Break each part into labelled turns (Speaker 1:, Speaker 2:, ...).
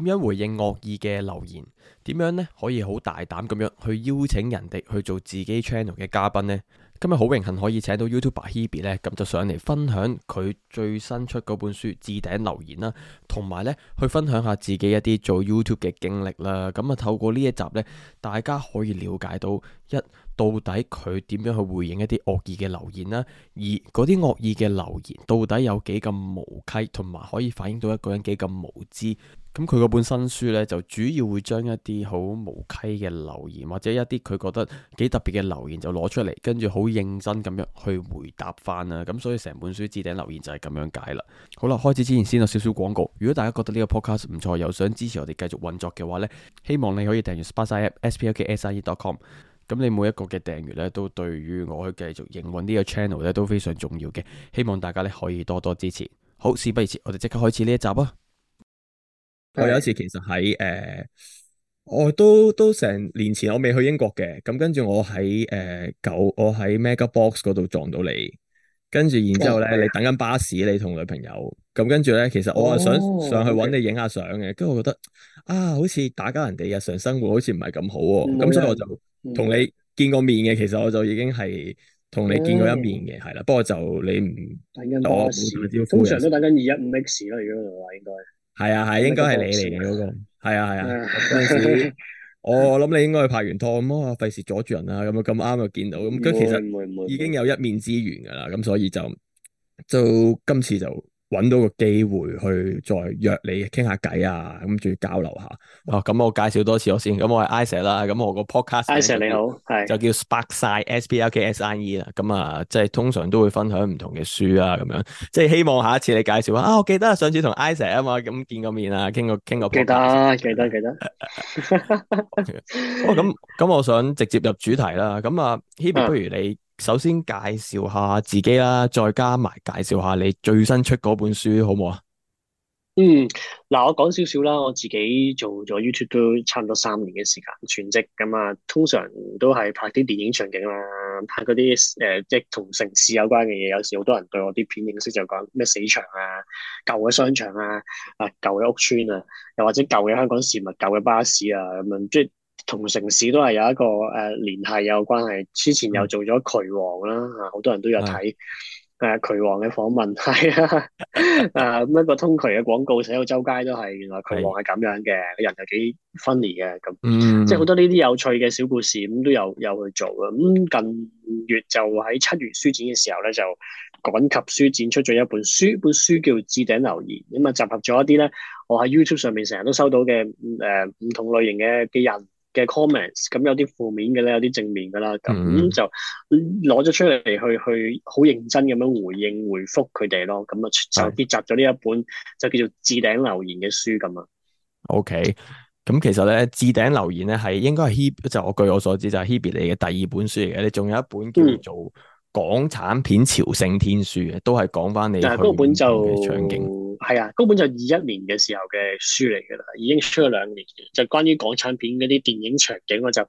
Speaker 1: 點樣回應惡意嘅留言？點樣呢？可以好大膽咁樣去邀請人哋去做自己 channel 嘅嘉賓呢？今日好榮幸可以請到 YouTuber Hebe 咧，咁就上嚟分享佢最新出嗰本書《置頂留言》啦，同埋呢去分享下自己一啲做 YouTube 嘅經歷啦。咁、嗯、啊，透過呢一集呢，大家可以了解到一到底佢點樣去回應一啲惡意嘅留言啦；二嗰啲惡意嘅留言到底有幾咁無稽，同埋可以反映到一個人幾咁無知。咁佢嗰本新書呢，就主要會將一啲好無稽嘅留言，或者一啲佢覺得幾特別嘅留言，就攞出嚟，跟住好認真咁樣去回答返啦。咁所以成本書置頂留言就係咁樣解啦。好啦，開始之前先有少少廣告。如果大家覺得呢個 podcast 唔錯，又想支持我哋繼續運作嘅話呢，希望你可以訂閱 Sparksine，sparksine dot com。咁你每一個嘅訂閱呢，都對於我去繼續營運呢個 channel 呢，都非常重要嘅。希望大家呢，可以多多支持。好，事不宜遲，我哋即刻開始呢一集啊！我有一次，其實喺誒、呃，我都都成年前，我未去英國嘅。咁跟住我喺誒九，我喺 mega box 嗰度撞到你。跟住然之後咧，哦、你等緊巴士，你同女朋友。咁跟住咧，其實我係想上去揾你影下相嘅。哦 okay. 跟住我覺得啊，好似打攪人哋日常生活好好，好似唔係咁好喎。咁所以我就同你見過面嘅。嗯、其實我就已經係同你見過一面嘅，係啦、哦。不過就你唔等緊
Speaker 2: 巴士，我冇打招呼，常通常都等緊二一五 X 啦，而家嗰度應該係啊係、啊，應該係你嚟
Speaker 1: 嘅嗰個，係啊係啊。嗰陣、啊啊、 時，我我諗你應該去拍完拖咁、嗯、啊，費事阻住人啊。咁啊咁啱就見到，咁、嗯、其實已經有一面之緣噶啦。咁所以就就，就今次就。揾到個機會去再約你傾下偈啊，咁仲要交流下。哦，咁我介紹多次我先，咁我係 Isa 啦，咁我個 podcast，Isa 你好，係就叫 Sparksine, S P A R K S I N E 啦。咁啊，即係通常都會分享唔同嘅書啊，咁樣即係希望下一次你介紹啊，啊，我記得上次同 Isa 啊嘛，咁見個面啊，傾過傾過。過記得，記
Speaker 2: 得，
Speaker 1: 記得。 哦，咁咁，我想直接入主題啦。咁啊，Hebe，不如你。嗯首先介紹下自己啦，再加埋介紹下你最新出嗰本書好冇
Speaker 2: 啊？嗯，嗱，我講少少啦，我自己做咗 YouTube 都差唔多三年嘅時間，全職咁啊、嗯。通常都係拍啲電影場景啦，拍嗰啲誒即係同城市有關嘅嘢。有時好多人對我啲片認識就講咩死場啊、舊嘅商場啊、啊舊嘅屋邨啊，又或者舊嘅香港事物、舊嘅巴士啊咁樣即。同城市都係有一個誒聯繫有關係。之前又做咗渠王啦，好 多人都有睇誒的、呃、渠王嘅訪問，係 啊、呃，咁一個通渠嘅廣告寫到周街都係，原來渠王係咁樣嘅，人又幾 funny 嘅咁，嗯嗯、即係好多呢啲有趣嘅小故事咁、嗯、都有有去做啊。咁、嗯、近月就喺七月書展嘅時候咧，就趕及書展出咗一本書，本書叫《置頂留言》。咁啊集合咗一啲咧，我喺 YouTube 上面成日都收到嘅誒唔同類型嘅嘅人，嘅 comments，咁有啲負面嘅咧，有啲正面嘅啦，咁、嗯、就攞咗出嚟去去好認真咁樣回應回覆佢哋咯，咁啊就結集咗呢一本係嘅就叫做置頂留言嘅書咁啊。
Speaker 1: OK，咁其實咧置頂留言咧係應該係 Hebe 就我據我所知就係、Hebe 嚟嘅第二本書嚟嘅，你仲有一本叫做、嗯。港產片《朝聖天書》嘅，都係講翻你。但係嗰本
Speaker 2: 就場景係啊，嗰本就二一年嘅時候嘅書嚟噶啦，已經出咗兩年嘅，就關於港產片嗰啲電影場景，我就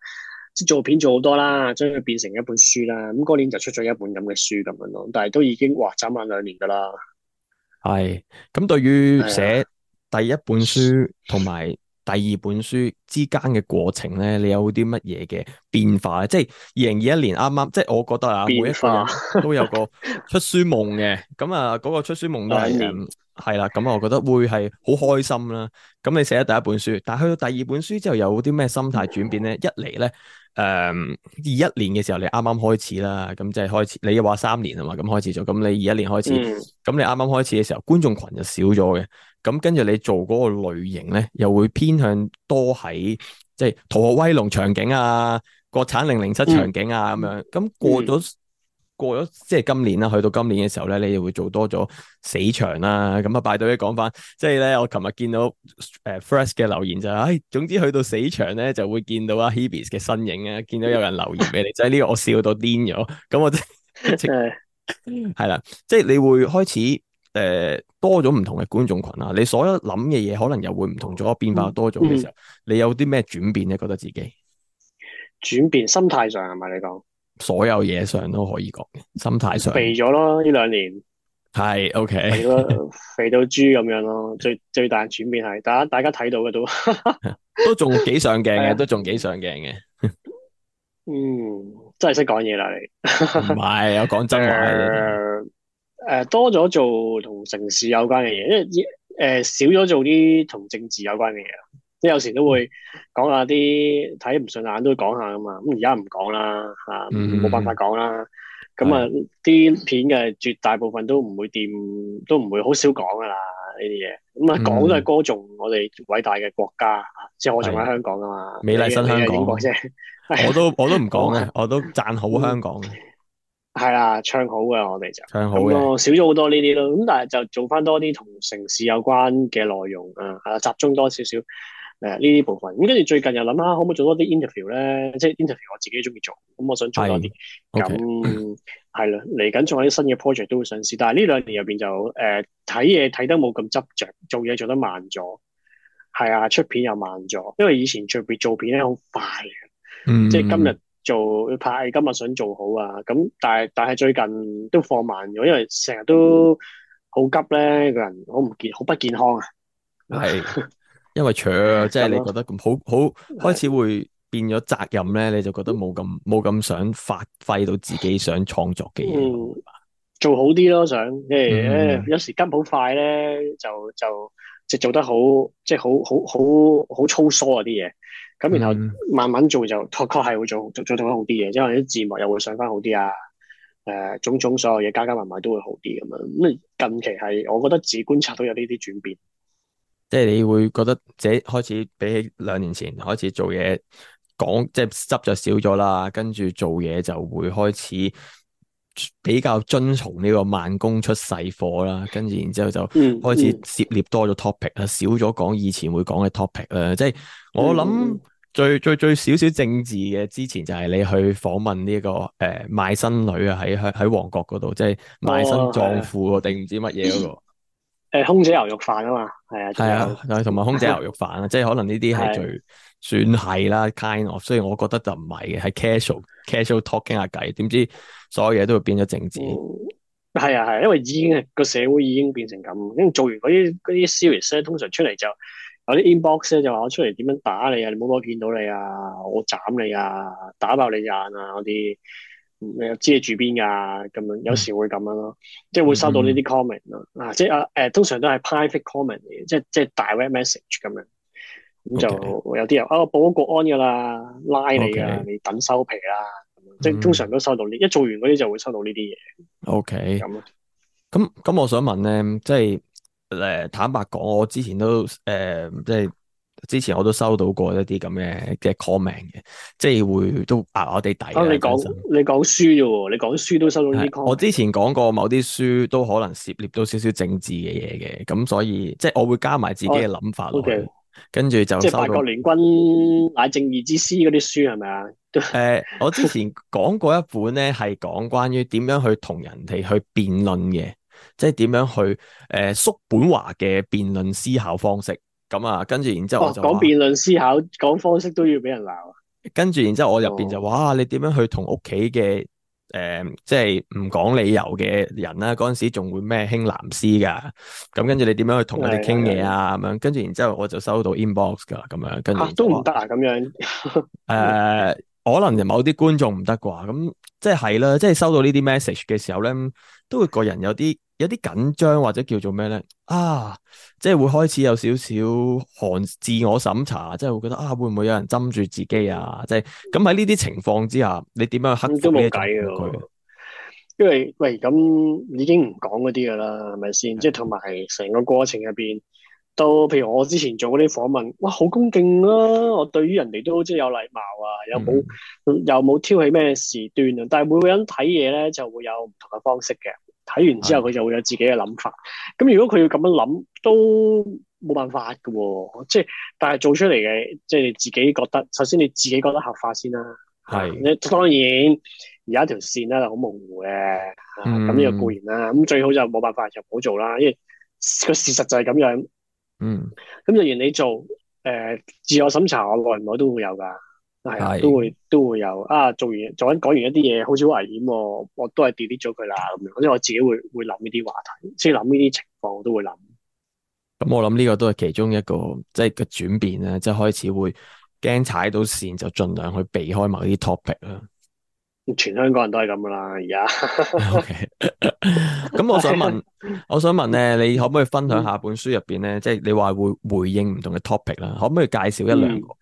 Speaker 2: 即係做片做好多啦，將佢變成一本書啦。咁嗰年就出咗一本咁嘅書咁樣咯，但係都已經哇，眨眼兩年噶啦。
Speaker 1: 係咁，對於寫第一本書同埋。是的 第二本書之間嘅過程咧，你有啲乜嘢嘅變化咧？即係二零二一年啱啱，即係我覺得啊，變化。每一個都有個出書夢嘅，咁啊嗰個出書夢都係。係啦，咁我覺得會係好開心啦。咁你寫咗第一本書，但係去到第二本書之後，有啲咩心態轉變咧？一嚟咧，誒、呃，二一年嘅時候你啱啱開始啦，咁即係開始。你又話三年啊嘛，咁開始做，咁你二一年開始，咁你啱啱開始嘅時候，觀眾群就少咗嘅。咁跟住你做嗰個類型咧，又會偏向多喺即係《逃、就是、學威龍》場景啊，《國產零零七》場景啊咁樣。咁過咗。過咗即係今年啦，去到今年嘅時候咧，你又會做多咗死場啦。咁啊，拜到一講翻，即係咧，我琴日見到誒 Fresh 嘅留言就係、是，唉、哎，總之去到死場咧，就會見到啊 Hebe 嘅身影啊，見到有人留言俾你， 真係呢個我笑到癲咗。咁我真係係啦，即 係 你會開始誒、呃、多咗唔同嘅觀眾群啊，你所有諗嘅嘢可能又會唔同咗，嗯嗯、變化多咗嘅時候，你有啲咩轉變咧？覺得自己
Speaker 2: 轉變,轉變心態上係咪你講？
Speaker 1: 所有嘢上都可以講，心態上肥咗
Speaker 2: 咯，呢兩年
Speaker 1: 係 OK，肥咯，
Speaker 2: 肥 到豬咁樣咯，最最大轉變係大家大家睇到嘅都
Speaker 1: 都仲幾上鏡嘅，都仲幾上鏡嘅。嗯，
Speaker 2: 真係識講嘢啦，你
Speaker 1: 唔係我講真話，誒、 呃
Speaker 2: 呃，多咗做同城市有關嘅嘢，因為誒、呃、少咗做啲同政治有關嘅嘢。即係有時都會講下啲睇唔順眼，都會講下噶嘛，咁而家唔講啦吓，冇辦、嗯嗯、法講啦。咁啊的，啲、嗯、片嘅絕大部分都唔會掂，嗯、都唔會好少講噶啦呢啲嘢。咁啊，講都係歌頌我哋偉大嘅國家即係的我仲喺香港噶嘛，美麗新香港啫。 我都
Speaker 1: 我都唔講嘅，我都讚好香港嘅，
Speaker 2: 係啦、嗯，唱好嘅我哋就
Speaker 1: 唱好嘅，
Speaker 2: 少咗好多呢啲咯。咁但係就做翻多啲同城市有關嘅內容啊，集中多少少。誒，呢啲、啊、部分咁，跟住最近又諗下，可唔可以做多啲 interview 咧？即係 interview，我自己中意做，咁我想做多啲。咁係啦，嚟緊仲有啲新嘅 project 都會嘗試。但係呢兩年入邊就誒，睇嘢睇得冇咁執着，做嘢做得慢咗。係啊，出片又慢咗，因為以前特別做片咧好快嘅，嗯、
Speaker 3: 即係今日
Speaker 2: 做拍，今日想做好啊。咁但係但係最近都放慢咗，因為成日都好急咧，個人好唔健，好不健康啊。係。因
Speaker 1: 為 c h 即係你覺得咁好好，好開始會變咗責任咧，你就覺得冇咁冇咁想發揮到自己想創作嘅嘢，
Speaker 2: 嗯。做好啲咯，想，因、欸、為、嗯、有時跟好快咧，就就即係做得好，即、就、係、是、好好好好粗疏嗰啲嘢。咁然後慢慢做就確確係會做做做得好啲嘢，因為啲字幕又會上翻好啲啊，誒、呃，種種所有嘢加加埋埋都會好啲咁樣。咁近期係我覺得自己觀察到有呢啲轉變。
Speaker 1: 即係你會覺得自己開始比起兩年前開始做嘢講，即係執就少咗啦，跟住做嘢就會開始比較遵從呢個慢工出細貨啦。跟住然之後就開始涉獵多咗 topic 啦、嗯，嗯、少咗講以前會講嘅 topic 啦。即係我諗最、嗯、最最少少政治嘅之前就係你去訪問呢、這個誒、呃、賣身女啊，喺喺喺旺角嗰度即係賣身葬父定唔知乜嘢嗰個。嗯
Speaker 2: 誒、呃，空姐牛肉飯啊嘛，
Speaker 1: 係啊，係啊，同埋 空姐牛肉飯啊，即係可能呢啲係最算係啦 ，kind of。所以我覺得就唔係嘅，係 casual casual talking 下、啊、偈，點知所有嘢都會變咗政治。
Speaker 2: 係、嗯、啊係、啊，因為已經係個社會已經變成咁，因為做完嗰啲啲 series 咧、啊，通常出嚟，就有啲 inbox 咧、啊，就話我出嚟點樣打你啊，你冇冇見到你啊，我斬你啊，打爆你隻眼啊嗰啲。你又知你住邊噶咁樣，有時會咁樣咯，即係會收到呢啲 comment 咯。啊，即係啊，誒，通常都係 private comment 嘅，即係即係 direct message 咁樣。咁 Okay. 就有啲人啊，我報咗國安噶啦，拉你啊，Okay. 你等收皮啦、啊。咁樣，即係通常都收到呢，嗯、一做完嗰啲就會收到呢啲嘢。
Speaker 1: OK。咁咁咁，嗯嗯嗯嗯嗯嗯、我想問咧，即係誒、呃，坦白講，我之前都誒、呃，即係。呃之前我都收到過一啲咁嘅嘅 comment 嘅，即係會都白我哋底。你講
Speaker 2: 你講書啫，你講書都收到啲 comment。我
Speaker 1: 之前講過某啲書都可能涉獵到少少政治嘅嘢嘅，咁所以即係我會加埋自己嘅諗法。OK 跟住就即係八國聯
Speaker 2: 軍乃正義之師嗰啲書係咪啊？
Speaker 1: 誒、 呃，我之前講過一本咧，係講關於點樣去同人哋去辯論嘅，即係點樣去誒叔、呃、本華嘅辯論思考方式。咁啊，跟住然之後我就，講辯
Speaker 2: 論思考講方式都要俾人鬧、啊。
Speaker 1: 跟住然之後我面，我入邊就話，你點樣去同屋企嘅誒，即係唔講理由嘅人啦、啊。嗰陣時仲會咩興藍絲噶。咁跟住你點樣去同佢哋傾嘢啊？咁、嗯、樣跟、啊、住然之後，我就收到 inbox 噶咁樣。住、啊，都
Speaker 2: 唔得啊，咁樣。
Speaker 1: 誒、 呃，可能就某啲觀眾唔得啩？咁即係係啦，即係、就是、收到呢啲 message 嘅時候咧，都會個人有啲。有啲緊張或者叫做咩咧？啊，即係會開始有少少寒自我審查，即係會覺得啊，會唔會有人針住自己啊？即係咁喺呢啲情況之下，你點樣克服？都冇計嘅喎。因
Speaker 2: 為喂，咁已經唔講嗰啲噶啦，係咪先？即係同埋成個過程入邊，都譬如我之前做嗰啲訪問，哇，好恭敬啊！我對於人哋都即係有禮貌啊，有冇、嗯、又冇挑起咩事端啊？但係每個人睇嘢咧就會有唔同嘅方式嘅。睇完之後佢就會有自己嘅諗法，咁的如果佢要咁樣諗都冇辦法嘅喎，即係但係做出嚟嘅，即係你自己覺得首先你自己覺得合法先啦。係的，當然而家條線咧就好模糊嘅，咁呢個固然啦，咁最好就冇辦法就唔好做啦，因為個事實就係咁樣。嗯，咁既然你做誒、呃、自我審查，我耐唔耐都會有㗎。係，都會都會有啊！做完，做緊講完一啲嘢，好似好危險，我我都係 delete 咗佢啦，咁樣，即係我自己會會諗呢啲話題，即係諗呢啲情況，我都會諗。
Speaker 1: 咁、嗯、我諗呢個都係其中一個，即係個轉變啦，即係開始會驚踩到線，就盡量去避開某啲 topic 啦。
Speaker 2: 全香港人都係咁噶啦，而家。咁 Okay. 我想問，
Speaker 1: 我想問咧，你可唔可以分享下本書入邊咧，即係、嗯、你話會回應唔同嘅 topic 啦？可唔可以介紹一兩個？嗯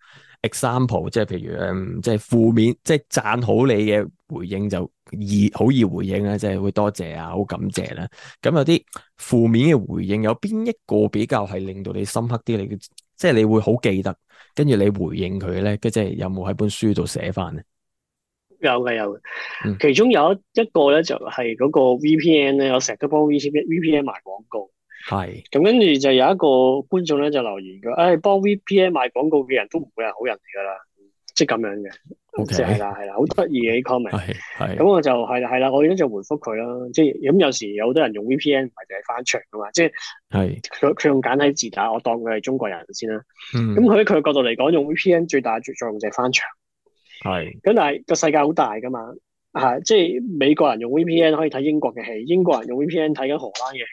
Speaker 1: example 即係譬如嗯，即係負面，即係讚好你嘅回應就易好易回應啦，即係會多謝啊，好感謝啦。咁有啲負面嘅回應，有邊一個比較係令到你深刻啲，你即係你會好記得，跟住你回應佢咧，即係有冇喺本書度寫翻
Speaker 2: 咧？有嘅，有嘅。嗯。其中有一一個咧就係嗰個 VPN 咧，我成日都幫 VPN 賣廣告。係，咁跟住就有一個觀眾咧就留言佢，誒、哎，幫 VPN 賣廣告嘅人都唔會係好人嚟噶啦，即係咁樣嘅
Speaker 3: ，OK，係啦係
Speaker 2: 啦，好得意嘅 comment，係，咁我就係啦係啦，我跟住就回覆佢啦，即係，咁有時有好多人用 VPN 唔係淨係翻牆噶嘛，即係，係是，佢佢用簡體字打，我當佢係中國人先啦，咁佢喺佢嘅角度嚟講，用 VPN 最大嘅作用就係翻牆，係是，咁但係個世界好大噶嘛，係、啊，即係美國人用 VPN 可以睇英國嘅戲，英國人用 VPN 睇緊荷蘭嘅戲。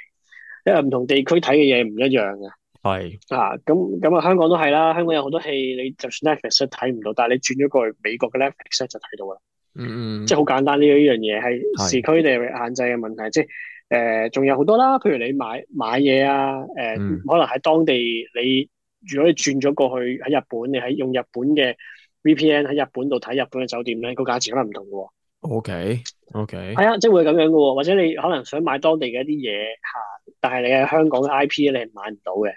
Speaker 2: 因為唔同地區睇嘅嘢唔一樣嘅，係是啊咁咁啊。香港都係啦。香港有好多戲，你就算 Netflix 睇唔到，但係你轉咗過去美國嘅 Netflix 就睇到啦、嗯。嗯嗯，即係好簡單呢呢樣嘢係時區地限制嘅問題。是即係誒，仲、呃、有好多啦。譬如你買買嘢啊，誒、呃，嗯、可能喺當地你如果你轉咗過去喺日本，你喺用日本嘅 VPN 喺日本度睇日本嘅酒店咧，個價錢可能唔同嘅。O
Speaker 3: K O K 係啊，即
Speaker 2: 係會咁樣嘅，或者你可能想買當地嘅一啲嘢吓。啊但係你喺香港嘅 IP，你係買唔到嘅，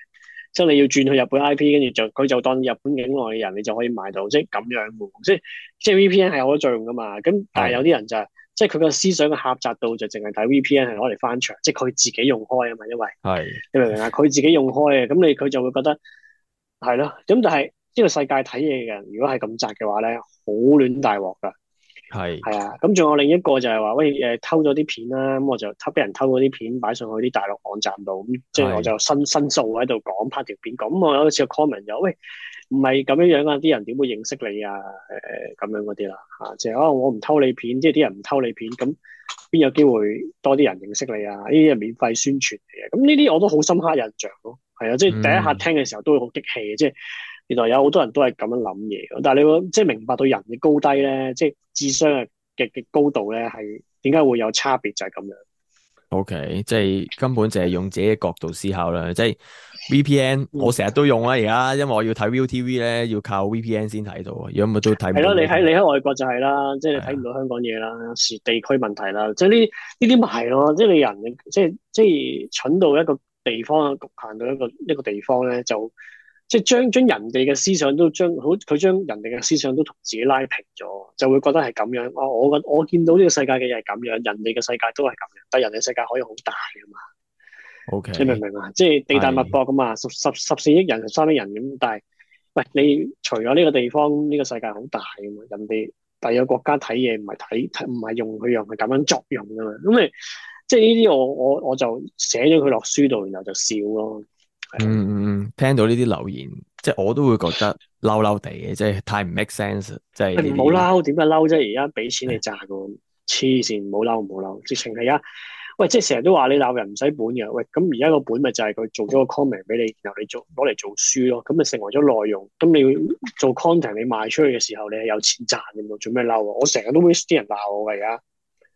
Speaker 2: 即係你要轉去日本 IP，跟住就佢就當日本境內嘅人，你就可以買到。即係咁樣即係即係 VPN 係有咗作用噶嘛。咁但係有啲人就係即係佢個思想嘅狹窄度就淨係睇 VPN 係攞嚟翻牆，即係佢自己用開啊嘛。因為你明唔明啊，佢自己用開嘅，咁你佢就會覺得係咯。咁但係呢個世界睇嘢嘅人，如果係咁窄嘅話咧，好亂大鑊噶。係，係啊，咁仲有另一個就係話，喂，誒、呃，偷咗啲片啦，咁我就偷，俾人偷咗啲片擺上去啲大陸網站度，咁即係我就申申訴喺度講，拍條片，咁我有一次個 comment 就，喂，唔係咁樣樣啊，啲人點會認識你啊，誒、呃，咁樣嗰啲啦，吓，即係可能、哦、我唔偷你片，即係啲人唔偷你片，咁邊有機會多啲人認識你啊？呢啲係免費宣傳嚟嘅，咁呢啲我都好深刻印象咯，係啊，即係第一下聽嘅時候都會好激氣嘅，嗯、即係。原來有好多人都係咁樣諗嘢，但係你會即係明白到人嘅高低咧，即係智商嘅嘅高度咧，係點解會有差別就係咁樣。
Speaker 1: OK，即係根本就係用自己嘅角度思考啦。即係 VPN，我成日都用啦、啊，而家、嗯、因為我要睇 ViuTV 咧，要靠 VPN 先睇到。如果唔係都睇唔到。係咯，你喺
Speaker 2: 你喺外國就係啦，即係你睇唔到香港嘢啦，是的地區問題啦。即係呢呢啲咪係咯，即係你人即係即係蠢到一個地方局限到一個一個地方咧就。即係將將人哋嘅思想都將好，佢將人哋嘅思想都同自己拉平咗，就會覺得係咁樣。哦，我我見到呢個世界嘅嘢係咁樣，人哋嘅世界都係咁樣，但係人哋世界可以好大
Speaker 3: 噶嘛？O Okay . K，你明唔明啊？
Speaker 2: 即係地大物博噶嘛，是十十十四億人十三億人咁，但係喂，你除咗呢個地方，呢個世界好大噶嘛？人哋第個國家睇嘢唔係睇，唔係用佢用，係咁樣作用噶嘛？咁咪即係呢啲我我我就寫咗佢落書度，然後就笑咯。
Speaker 1: 嗯嗯嗯，聽到呢啲留言，即係我都會覺得嬲嬲地嘅，即係太唔 make sense。 即係唔好
Speaker 2: 嬲，點解嬲即啫？而家俾錢你賺喎，黐線的，唔好嬲，唔好嬲，直情係啊！喂，即係成日都話你鬧人唔使本嘅，喂，咁而家個本咪就係佢做咗個 comment 俾你，然後你做攞嚟做書咯，咁咪成為咗內容。咁你做 content 你賣出去嘅時候，你係有錢賺嘅，冇做咩嬲啊？我成日都會啲人鬧我㗎而家。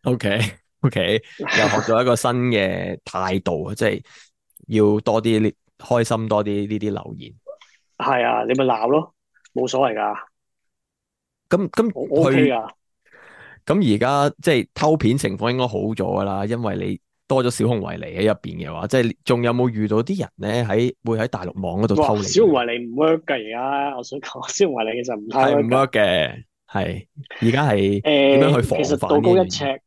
Speaker 1: OK，OK，okay, okay, 又學咗一個新嘅態度啊！ 即係要多啲開心多啲呢啲留言，
Speaker 2: 係啊，你咪鬧咯，冇所謂噶。咁咁佢，
Speaker 1: 咁而家即係偷片情況應該好咗噶啦，因為你多咗小熊維尼喺入邊嘅話，即係仲有冇遇到啲人咧喺會喺大陸網嗰度偷你？小熊
Speaker 2: 維尼唔 work 噶而家，我想講小熊維尼其實唔係唔
Speaker 1: work 嘅，係而家係點
Speaker 2: 樣去防、欸？範？其實道高一尺。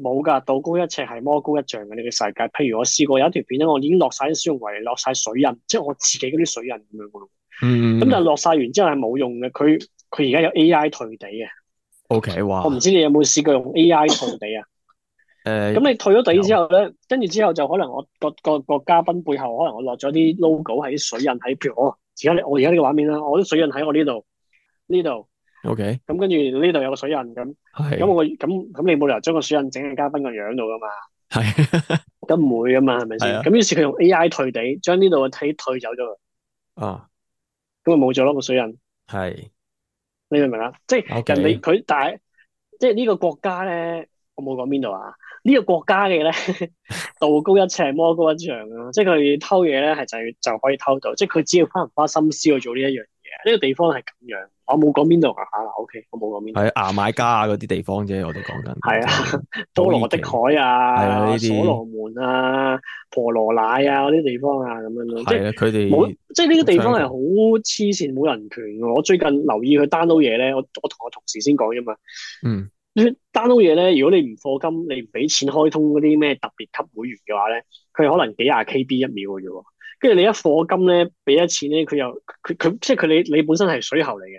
Speaker 2: 冇㗎，道高一尺係魔高一丈嘅呢、這個世界。譬如我試過有一條片咧，我已經落晒啲消維，落晒水印，即係我自己嗰啲水印咁樣嘅咯。嗯，嗯，嗯。咁但係落晒完之後係冇用嘅，佢佢而家有 AI 退地嘅。
Speaker 1: O、okay, K，哇！我
Speaker 2: 唔知你有冇試過用 AI 退地啊？誒，
Speaker 3: 咁、 呃、
Speaker 2: 你退咗地之後咧，跟住有之後就可能我，我，我個個個嘉賓背後可能我落咗啲 logo 喺水印喺，譬如我而家呢我而家呢個畫面啦，我啲水印喺我呢度呢度。O K，咁跟住呢度有個水印，咁咁的我咁咁你冇理由將個水印整喺嘉賓個樣度噶嘛？係，咁唔會噶嘛，係咪先？咁於是佢的用 A I 退底，將呢度嘅睇退走咗佢啊，咁就冇咗咯個水印。係的，你明唔明啊？即係 Okay. 人哋佢但係即係呢個國家咧，我冇講邊度啊？呢、這個國家嘅咧， 道高一尺魔高一丈啊！即係佢偷嘢咧，係就就可以偷到，即係佢只要花唔花心思去做呢一樣。呢個地方係咁樣，我冇講邊度啊嚇，OK，我冇講邊。係
Speaker 1: 牙買加啊嗰啲地
Speaker 2: 方啫，我哋講緊。係啊，多羅的海啊，啲、啊、所羅門啊，婆羅乃啊嗰啲地方啊，咁樣咯、啊。即係佢哋即係呢個地方係好黐線冇人權㗎。我最近留意佢 download 嘢咧，我我同我同事先講啫嘛。嗯，download 嘢咧，如果你唔課金，你唔俾錢開通嗰啲咩特別級會員嘅話咧，佢可能幾廿 KB 一秒嘅啫喎。跟住你一課金咧，俾咗錢咧，佢又佢佢即係佢你你本身係水喉嚟嘅，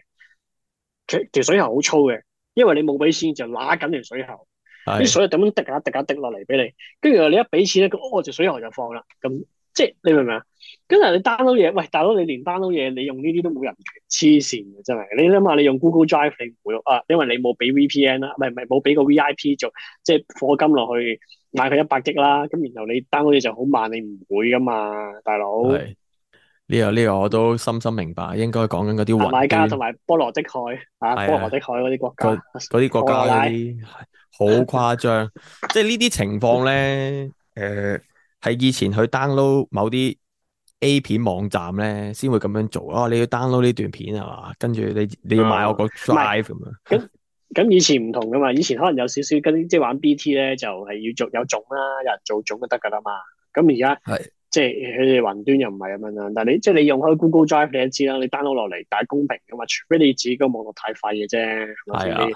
Speaker 2: 其條水喉好粗嘅，因為你冇俾錢就拉緊條水喉，啲的水點樣滴，滴，滴下滴下滴落嚟俾你。跟住你一俾錢咧，佢屙條水喉就放啦。咁即係你明唔明啊？跟住你 download 嘢，喂大佬你連 download 嘢，你用呢啲都冇人權，黐線嘅真係。你諗下你用 Google Drive，你唔會啊？因為你冇俾 VPN 啦，唔係唔係冇俾個 VIP 做，即係課金落去。買佢一百億啦，咁然後你 download 嘢就好慢，你唔會噶嘛，大佬。係。
Speaker 1: 呢個呢、呢個我都深深明白，應該講緊嗰啲雲。買家同埋
Speaker 2: 波羅的海啊，啊波羅的海嗰啲國
Speaker 1: 家，嗰啲、啊、國家咧好 誇張，即係呢啲情況咧，誒、呃，係以前去 download 某啲 A 片網站咧，先會咁樣做啊，你要 download 呢段片係嘛？跟住你你，你要買我個 drive 咁樣。
Speaker 2: 咁以前唔同噶嘛，以前可能有少少跟，即係玩 BT 咧，就係、是、要做有種啦，有人做種就得噶啦嘛。咁而家即係佢哋雲端又唔係咁樣啦。但係你即係你用開 Google Drive 你都知啦，你 download 落嚟係公平噶嘛，除非你自己個網絡太廢嘅啫，或者，啊，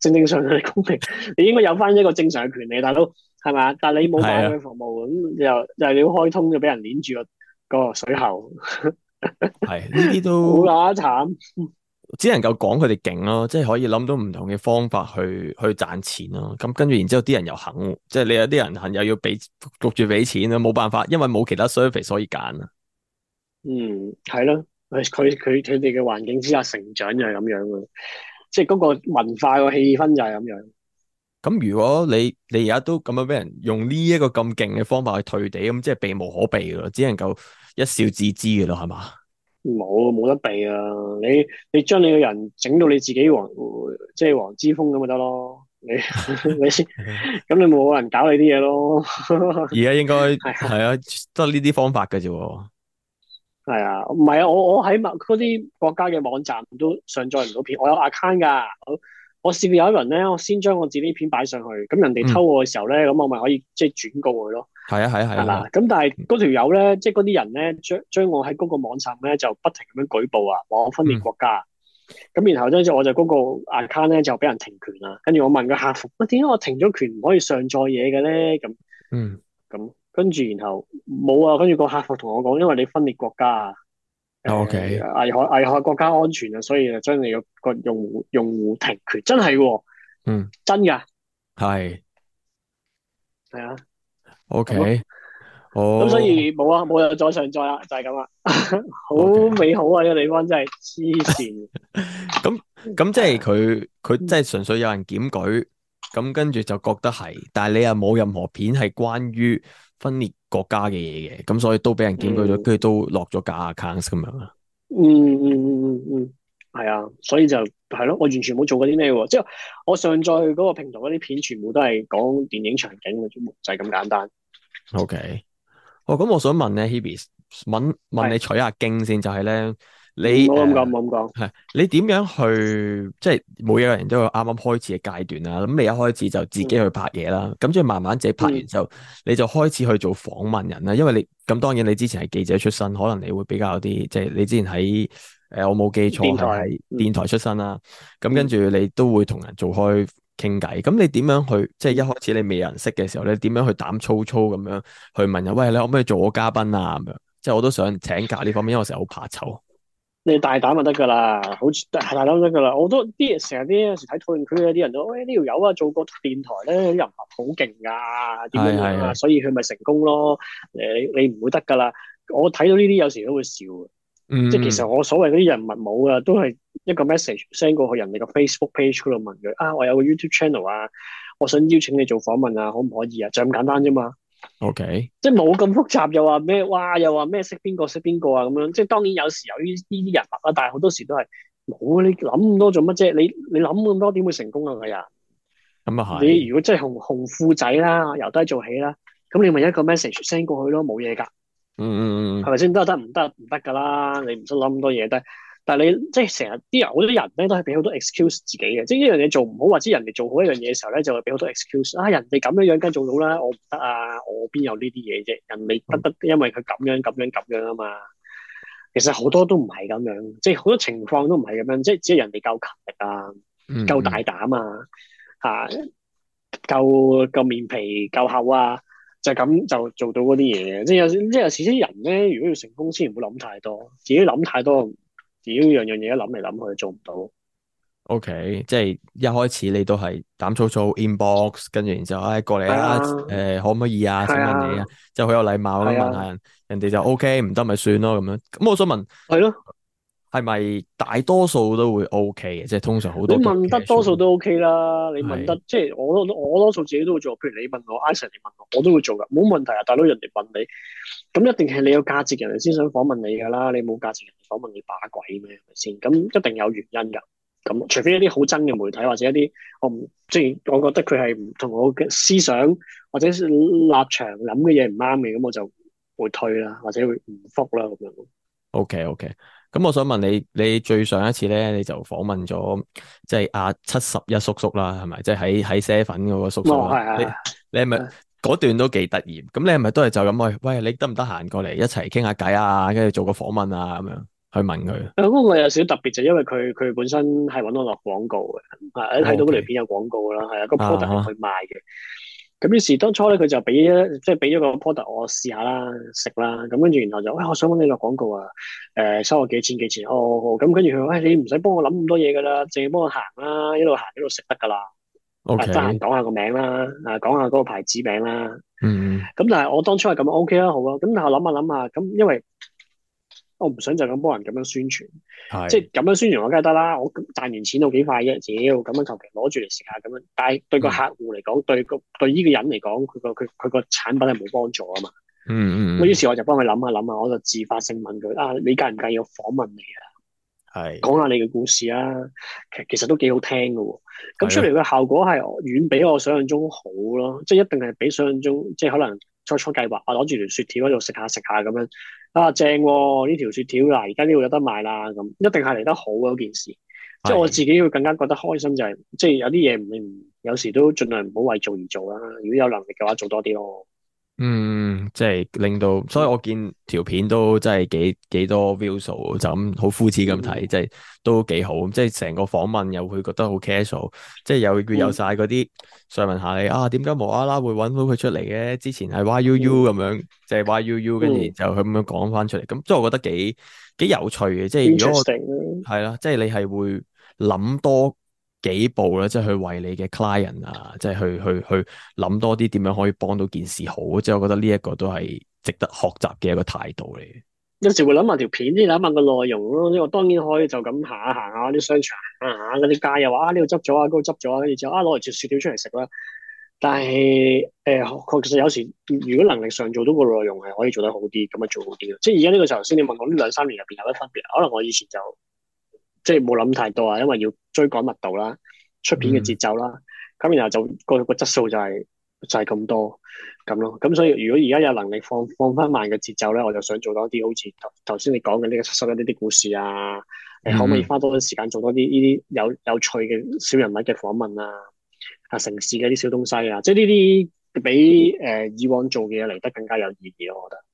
Speaker 2: 正正常常公平，你應該有翻一個正常嘅權利，大佬，係咪？但係都係，但係你冇網佢服務，咁又又要開通，就俾人鏈住個個水喉，係呢啲都好乸慘。 無聊慈
Speaker 1: 只能夠講佢哋勁咯，即係可以諗到唔同嘅方法去去賺錢咯。咁跟住，然之後啲人又肯，即係你有啲人肯又要俾焗住俾錢咯，冇辦法，因為冇其他 service 所以揀啊。嗯，
Speaker 2: 係咯，佢佢佢哋嘅環境之下成長就係咁樣嘅，即係嗰個文化嘅氣氛就係咁樣。
Speaker 1: 咁如果你你而家都咁樣俾人用呢一個咁勁嘅方法去退地，咁即係避無可避咯，只能夠一笑置之嘅咯，係嘛？
Speaker 2: 冇冇得避啊！你你將你個人整到你自己黃，即係黃之鋒咁咪得咯？你咪先，咁 你冇可能搞你啲嘢咯。 而家
Speaker 1: 應該係啊，都係呢啲方法嘅啫。
Speaker 2: 係啊，唔係啊，啊，我我喺某嗰啲國家嘅網站都上載唔到片，我有 account 噶。我試過有一輪咧，我先將我自己片擺上去，咁人哋偷我嘅時候咧，咁、嗯、我咪可以即係轉告佢咯。
Speaker 3: 係啊係啊係啊。咁、啊
Speaker 2: 啊啊嗯、但係嗰條友咧，即係嗰啲人咧，將將我喺嗰個網站咧就不停咁樣舉報啊，話我分裂國家。咁、嗯、然後咧就我就嗰個 account 咧就俾人停權啊，跟住我問、嗯啊、個客服，我點解我停咗權唔可以上載嘢嘅咧？咁
Speaker 3: 嗯，
Speaker 2: 咁跟住然後冇啊，跟住個客服同我講，因為你分裂國家。O K，危害危害國家安全啊，所以就將你個個用戶用戶停權，真係喎、哦，嗯，真噶，係，係啊，O K，好，咁，哦，所以冇啊，冇有再上載啦，就係咁啦， 好美好啊，呢個地方真係黐線，咁
Speaker 1: 咁 即係佢佢即係純粹有人檢舉，咁跟住就覺得係，但係你又冇任何片係關於分裂。國家嘅嘢嘅，咁所以都俾人檢舉咗，跟住、嗯、都落咗架 account 咁樣啦、嗯。嗯嗯
Speaker 2: 嗯嗯嗯，係啊，所以就係咯，我完全冇做過啲咩喎，即係我上載嗰個平台嗰啲片，全部都係講電影場景嘅，就係、是、咁簡單。
Speaker 1: OK，哦，咁我想問咧，Hebe，問問你取下經先就呢，就係咧。你
Speaker 2: 咁講，咁
Speaker 1: 講係，你點樣去，即係每一個人都有啱啱開始嘅階段啦，咁你一開始就自己去拍嘢啦咁，即係、嗯、慢慢自己拍完之後、嗯、你就開始去做訪問人啦。因為你咁，當然你之前係記者出身，可能你會比較啲即係你之前喺誒、呃、我冇記錯係電、電台出身啦。咁、嗯、跟住你都會同人做開傾偈。咁、嗯、你點樣去，即係一開始你未有人識嘅時候咧？點樣去膽粗粗咁樣去問人？喂，你可唔可以做我嘉賓啊？咁樣即係我都想請教呢方面，因為我成日好怕醜。
Speaker 2: 你大膽就得噶啦，好、大大膽就得噶啦。我都啲成日啲有時睇討論區啊，啲人都，喂，呢條友啊做過電台咧，啲人物好勁噶，
Speaker 3: 點樣樣啊？係係係，所
Speaker 2: 以佢咪成功咯。誒，你唔會得噶啦。我睇到呢啲有時都會笑、嗯、
Speaker 3: 即係其實我
Speaker 2: 所謂嗰啲人物冇噶，都係一個 message send 過去人哋個 Facebook page 嗰度問佢，啊我有個 YouTube channel 啊，我想邀請你做訪問啊，可唔可以啊？就咁簡單啫嘛。OK，即係冇咁複雜，又話咩？哇，又話咩？識邊個？識邊個啊？咁樣，即係當然有時有呢啲人物啊，但係好多時都係冇啊！你諗咁多做乜啫？你你諗咁多點會成功啊？個人咁啊係，你如果真係紅紅褲仔啦，由低做起啦，咁你問一個 message send 過去咯，冇嘢噶。嗯
Speaker 3: 嗯
Speaker 2: 嗯，係咪先？得得唔得唔得噶啦，你唔使諗咁多嘢得。但係你即係成日啲人，好多啲人咧都係俾好多 excuse 自己嘅，即係一樣嘢做唔好，或者人哋做好一樣嘢嘅時候咧，就會俾好多 excuse 啊。人哋咁樣樣梗做到啦，我唔得啊，我邊有呢啲嘢啫？人哋不得，因為佢咁樣咁樣咁樣啊嘛。其實好多都唔係咁樣，即係好多情況都唔係咁樣，即係只係人哋夠勤力啊，夠大膽啊，吓夠夠面皮夠厚啊，就咁就做到嗰啲嘢。即係有即係有時啲人咧，如果要成功，先唔好諗太多，自己諗太多。只要樣樣嘢一諗嚟諗去做唔到
Speaker 1: ，OK，即係一開始你都係膽粗粗 inbox，跟住然之後，哎過嚟啊，誒 Yeah.、呃、可唔可以啊？請問你啊，Yeah. 就好有禮貌咁 Yeah. 問下人，人哋就 OK，唔得咪算咯咁樣。咁我想問，係咯。係咪大多數都會 O K 嘅？即係通常好多你問
Speaker 2: 得多數都 OK 啦。是你問得即係我，我多我多數自己都會做。譬如你問我 Isaac 你問我我都會做噶，冇問題啊。大佬人哋問你，咁一定係你有價值，人哋先想訪問你噶啦。你冇價值，人哋訪問你把鬼咩？係咪先？咁一定有原因㗎。咁除非一啲好憎嘅媒體或者一啲我唔即係我覺得佢係唔同我嘅思想或者立場諗嘅嘢唔啱嘅，咁我就會推啦，或者會唔復啦咁樣。
Speaker 1: O K，O K。咁、嗯、我想問你，你最上一次咧，你就訪問咗即係阿七十一叔叔啦，係咪？即係喺喺 Share 粉嗰個叔叔，哦啊，你，你你係咪嗰段都幾得意？咁你係咪都係就咁喂？喂，你得唔得閒過嚟一齊傾下偈啊？跟住做個訪問啊？咁樣去問佢。
Speaker 2: 誒、嗯，嗰個有少特別，就因為佢佢本身係揾我落廣告嘅，誒睇到嗰條片有廣告啦，係、okay. 啊、嗯，個 product 去賣嘅。嗯嗯咁於是當初咧，佢就俾即係俾咗個 product 我試下啦，食啦。咁跟住然後就，喂、哎，我想揾你個廣告啊，誒、呃，收我幾錢幾錢好，好，好。咁跟住佢話，喂、哎，你唔使幫我諗咁多嘢噶啦，淨係幫我行啦、啊，一路行一路食得噶啦。
Speaker 3: O Okay . K、啊。得閒講
Speaker 2: 下個名啦，啊，講下嗰個牌子名啦。嗯咁、mm hmm. 啊、但係我當初係咁 O K 啦，好啊。咁但係我諗下諗下，咁、嗯、因為。我唔想就咁幫人咁樣宣傳，是即係咁樣宣傳我梗係得啦。我賺完錢都幾快啫，只要咁樣求其攞住嚟食下咁樣。但係對個客戶嚟講，嗯、對個對呢個人嚟講，佢個佢佢個產品係冇幫助啊嘛。嗯嗯嗯。嗯於是我就幫佢諗下諗下，我就自發性問佢啊，你介唔介意我訪問你啊？係講下你嘅故事啊，其實其實都幾好聽噶喎、啊。咁出嚟嘅效果係遠比我想象中好咯，即係一定係比想象中，即係可能初初計劃啊攞住條雪條喺度食下食下咁樣。啊正喎、哦！呢條雪條嗱，而家呢度有得賣啦，咁一定係嚟得好嗰件事。的即係我自己會更加覺得開心，就係，就係即係有啲嘢唔會唔有時都盡量唔好為做而做啦。如果有能力嘅話，做多啲咯。
Speaker 1: 嗯，即係令到，所以我見條片都真係幾幾多 view 數，就咁好膚淺咁睇，嗯、即係都幾好，即係成個訪問又會覺得好 casual，即係又有晒嗰啲想問下你啊，點解無啦啦會搵到佢出嚟嘅？之前係 Yuu 咁樣，即係 Yuu，跟住就咁樣講翻出嚟，咁即係我覺得幾幾有趣嘅，即係如果我係啦，即係你係會諗多。幾步啦，即係去為你嘅 client 啊，即係去去去諗多啲點樣可以幫到件事好，即係我覺得呢一個都係值得學習嘅一個態度嚟。
Speaker 2: 有時會諗下條片先，諗下個內容咯。呢個當然可以就咁行下行下啲商場啊，嗰啲街又話啊呢度執咗啊嗰度執咗啊，跟住之後就啊攞嚟條雪條出嚟食啦。但係誒、呃，確實有時如果能力上做到個內容係可以做得好啲，咁啊做好啲即係而家呢個就頭先你問我呢兩三年入邊有乜分別？可能我以前就。即係冇諗太多啊，因為要追趕密度啦、出片嘅節奏啦，咁、嗯、然後就個個質素就係、是、就係、是、咁多咁咯。咁所以如果而家有能力放放翻慢嘅節奏咧，我就想做多啲好似頭頭先你講嘅呢個七十一呢啲故事啊，嗯、你可唔可以花多啲時間做多啲呢啲有有趣嘅小人物嘅訪問啊、啊城市嘅啲小東西啊，即係呢啲比誒、呃、以往做嘅嘢嚟得更加有意義啊，我覺得。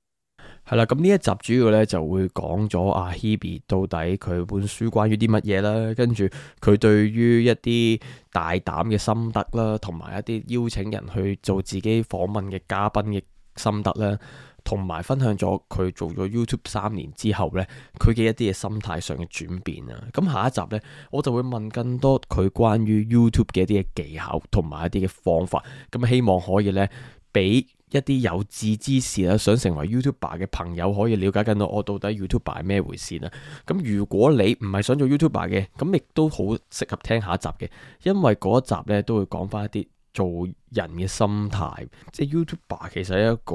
Speaker 1: 係啦，咁呢一集主要呢就會講咗阿、啊、Hebe 到底佢本書關於啲乜嘢啦，跟住佢對於一啲大膽嘅心得啦，同埋一啲邀請人去做自己訪問嘅嘉賓嘅心得啦，同埋分享咗佢做咗 YouTube 三年之後呢，佢嘅一啲嘅心態上嘅轉變啊。咁、嗯、下一集呢，我就會問更多佢關於 YouTube 嘅一啲嘅技巧同埋一啲嘅方法。咁希望可以呢俾。一啲有志之士啦，想成為 YouTuber 嘅朋友可以了解緊到我到底 YouTuber 係咩回事啊？咁如果你唔係想做 YouTuber 嘅，咁亦都好適合聽下一集嘅，因為嗰一集咧都會講翻一啲做人嘅心態，即係 YouTuber 其實係一個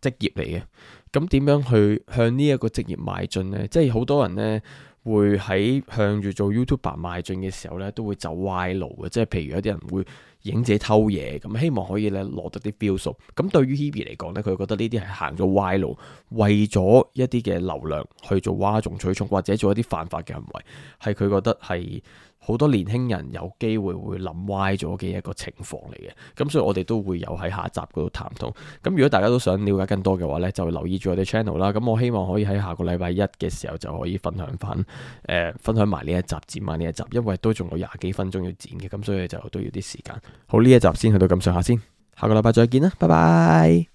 Speaker 1: 職業嚟嘅。咁點樣去向呢一個職業邁進呢？即係好多人呢會喺向住做 YouTuber 邁進嘅時候呢，都會走歪路嘅，即係譬如有啲人會。影者偷嘢，咁希望可以咧攞得啲 feel 數。咁對於 Hebe 嚟講咧，佢覺得呢啲係行咗歪路，為咗一啲嘅流量去做嘩眾取寵，或者做一啲犯法嘅行為，係佢覺得係好多年輕人有機會會諗歪咗嘅一個情況嚟嘅。咁所以我哋都會有喺下集嗰度探討。咁如果大家都想了解更多嘅話咧，就留意住我哋 channel 啦。咁我希望可以喺下個禮拜一嘅時候就可以分享翻，誒、呃，分享埋呢一集剪埋呢一集，因為都仲有廿幾分鐘要剪嘅，咁所以就都要啲時間。好，呢一集先去到咁上下先，下個禮拜再見啦，拜拜。